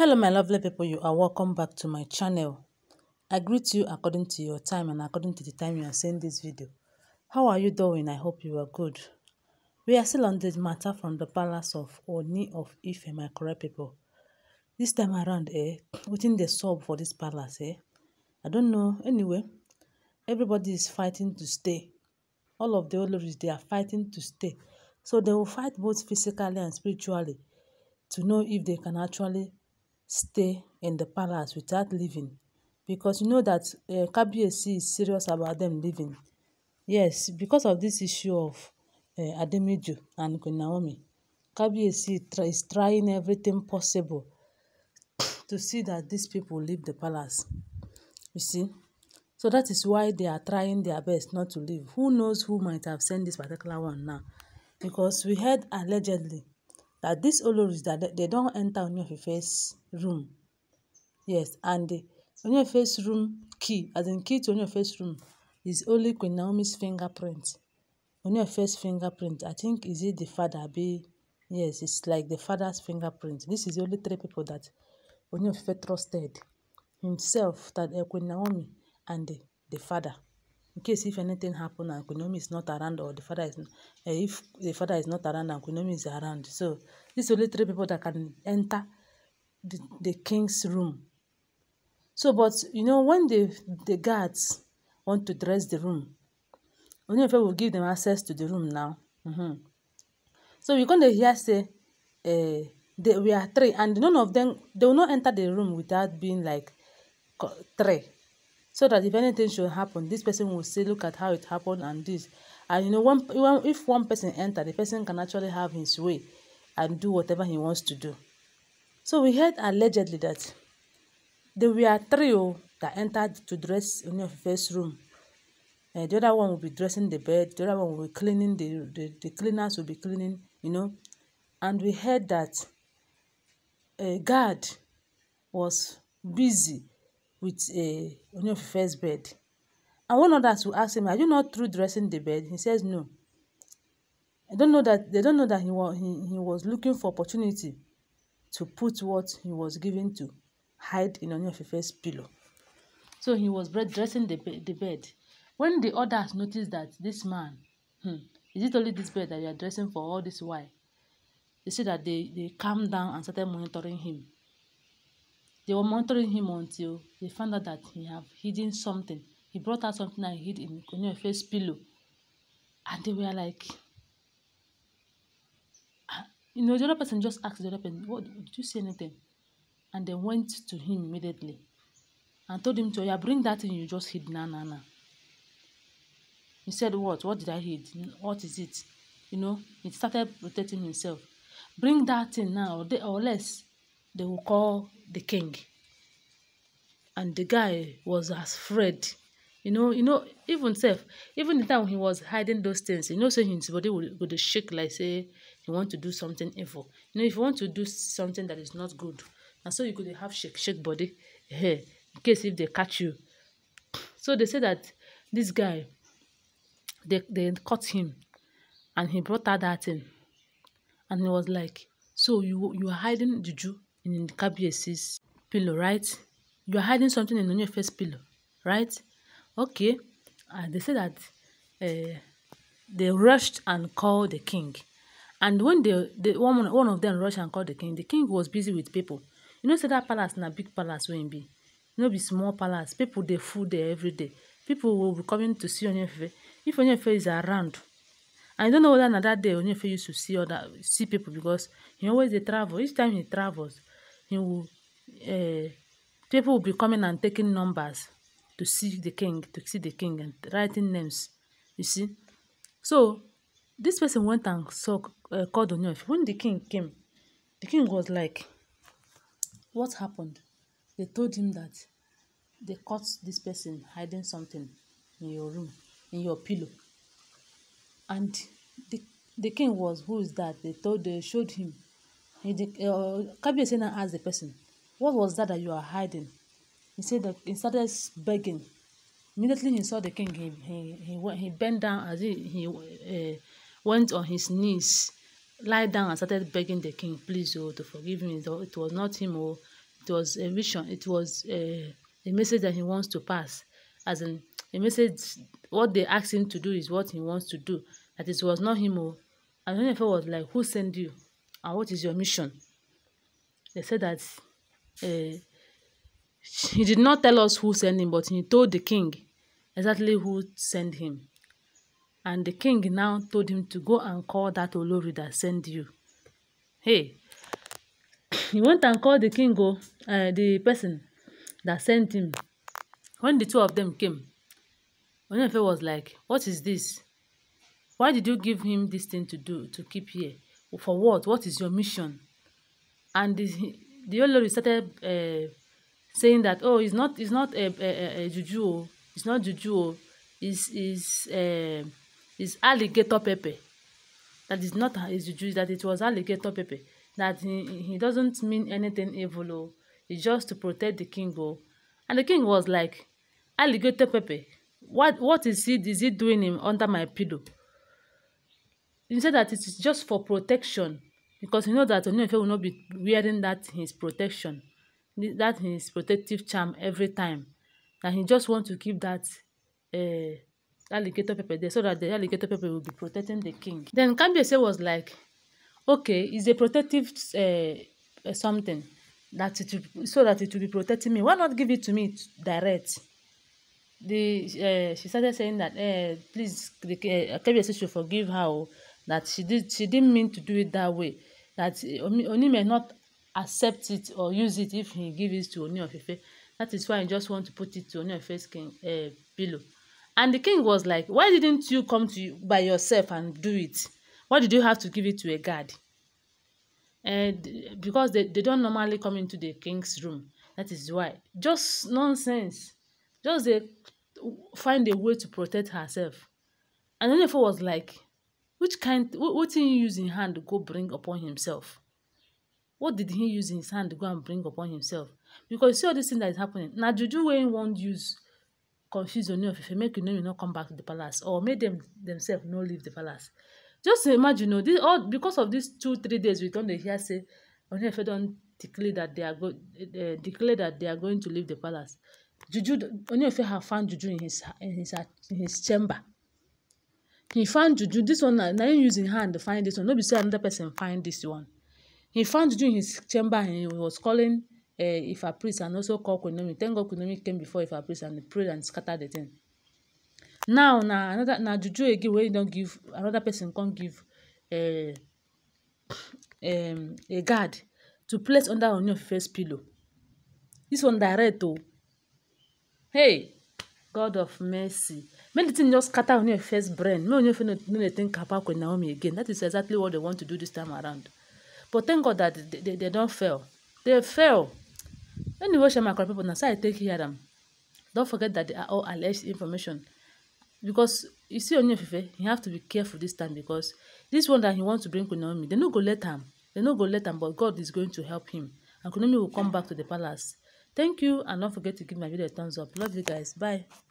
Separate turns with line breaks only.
hello my lovely people you are welcome back to my channel i greet you according to your time and according to the time you are seeing this video how are you doing i hope you are good we are still on this matter from the palace of oni of ife my correct people this time around eh within the sub for this palace eh i don't know anyway everybody is fighting to stay all of the oloris they are fighting to stay so they will fight both physically and spiritually to know if they can actually stay in the palace without leaving because you know that uh, is serious about them leaving. Yes, because of this issue of uh, and Queen Naomi, is trying everything possible to see that these people leave the palace. You see? So that is why they are trying their best not to leave. Who knows who might have sent this particular one now? Because we heard allegedly that these is that they don't enter Onyefefe's room. Yes, and the Onyefefe's room key, as in key to Onyefefe's room, is only Queen Naomi's fingerprint. Onyefefe's fingerprint, I think, is it the father? Be yes, it's like the father's fingerprint. This is the only three people that Onyefefe trusted himself, that uh, Queen Naomi, and the, the father in case if anything happen and is not around or the father is uh, if the father is not around and is around. So these only three people that can enter the, the king's room. So, but you know, when the the guards want to dress the room, only I will give them access to the room now. Mm -hmm. So we're going to hear say, uh, they, we are three, and none of them, they will not enter the room without being like three so that if anything should happen this person will say look at how it happened and this and you know one if one person enter the person can actually have his way and do whatever he wants to do so we heard allegedly that there were three oh, that entered to dress in your first room uh, the other one will be dressing the bed the other one will be cleaning the, the the cleaners will be cleaning you know and we heard that a guard was busy with a first bed. And one of us will ask him, Are you not through dressing the bed? He says, No. I don't know that they don't know that he was he, he was looking for opportunity to put what he was given to hide in first pillow. So he was dressing the, the bed. When the others noticed that this man, hmm, is it only this bed that you are dressing for all this while? They said that they, they calmed down and started monitoring him. They were monitoring him until they found out that he had hidden something. He brought out something and hid in face pillow. And they were like, ah, you know, the other person just asked the other person, what, did you see anything? And they went to him immediately and told him to, yeah, bring that thing you just hid, na, na, na. He said, what? What did I hid? What is it? You know, he started protecting himself. Bring that thing now or, or less they will call the king. And the guy was as afraid. You know, you know, even self, even the time he was hiding those things, you know, saying his body would, would shake like say he want to do something evil. You know, if you want to do something that is not good, and so you could have shake shake body here eh, in case if they catch you. So they say that this guy, they they caught him, and he brought out that thing, and he was like, "So you you are hiding the Jew in Kabiyesi's pillow, right? You are hiding something in your face pillow, right? Okay. And uh, they said that uh, they rushed and called the king. And when the, the one, one of them rushed and called the king, the king was busy with people. You know, say that palace na big palace wey be. know, be small palace. People they full there every day. People will be coming to see Onyefe. If Onyefe is around, I don't know whether day that day Onyefe used to see other see people because he always they travel. Each time he travels, he will, uh, people will be coming and taking numbers to see the king, to see the king and writing names, you see. So this person went and saw, uh, called Onyof. When the king came, the king was like, what happened? They told him that they caught this person hiding something in your room, in your pillow. And the, the king was, who is that? They told, they showed him he uh, Kabiyesi now asked the person, What was that that you are hiding? He said that he started begging. Immediately he saw the king, he, he, he, he bent down as he, he uh, went on his knees, lie down and started begging the king, please, oh, to forgive me. It was not him, oh, it was a vision, it was a, uh, a message that he wants to pass. As in, a message, what they asked him to do is what he wants to do. That it was not him, oh. And Oyenefe was like, who sent you? and what is your mission? They said that uh, he did not tell us who sent him, but he told the king exactly who sent him. And the king now told him to go and call that Olori that sent you. Hey, he went and called the king, go, uh, eh, the person that sent him. When the two of them came, Onyefe was like, What is this? Why did you give him this thing to do, to keep here? for what? What is your mission? And the the old Olori started uh, saying that oh, it's not it's not a, a, a juju o, it's not juju o, it's it's uh, it's alligator pepper. That is not his juju. That it was alligator pepper. That he he doesn't mean anything evil o. It's just to protect the king o. And the king was like, alligator pepper. What what is he is he doing him under my pillow? he said that it is just for protection because he know that Ooni will not be wearing that his protection that his protective charm every time that he just want to keep that uh, alligator pepper there so that the alligator pepper will be protecting the king. Then Kabiyesi was like okay it's a protective uh, something that it will, so that it will be protecting me why not give it to me direct the uh, she started saying that uh, please the uh, Kabiyesi should forgive her oh that she did she didn't mean to do it that way that Ooni may not accept it or use it if he give it to Ooni of Ife that is why he just want to put it to Ooni of king uh, pillow and the king was like why didn't you come to you by yourself and do it why did you have to give it to a guard and because they, they don't normally come into the king's room that is why just nonsense just dey find a way to protect herself and Ooni of Ife was like which kind what wetin he use in hand go bring upon himself what did he use in his hand go and bring upon himself because you see all this thing that is happening na juju wey him wan use confuse oni of you make unomi no come back to the palace or make them themselves no leave the palace just imagine o oh, this all because of these two three days we don dey hear say oni of ife don declare that they are go uh, declare that they are going to leave the palace juju oni of ife have found juju in his in his in his chamber he find juju This one na him use him hand find this one no be say another person find this one he found juju in his chamber and he was calling uh, ifa priest and also call kunomi thank god kunomi came before ifa priest and he prayed and scatter the thing now na another na juju again wey he don give another person come give uh, um, a guard to place under onion first pillow this one direct o oh. hey god of mercy make the thing just scatter on your first brain make you no no dey think about queen naomi again that is exactly what they want to do this time around but thank god that they they, they don fail they fail anyway shey my correct people now so i take hear them. Don't forget that they are all alleged information because you see on your onyefife you have to be careful this time because this one that he wants to bring with naomi they no go let am they no go let him, but god is going to help him and queen naomi will come back to the palace thank you and don't forget to give my video a thumbs up love you guys bye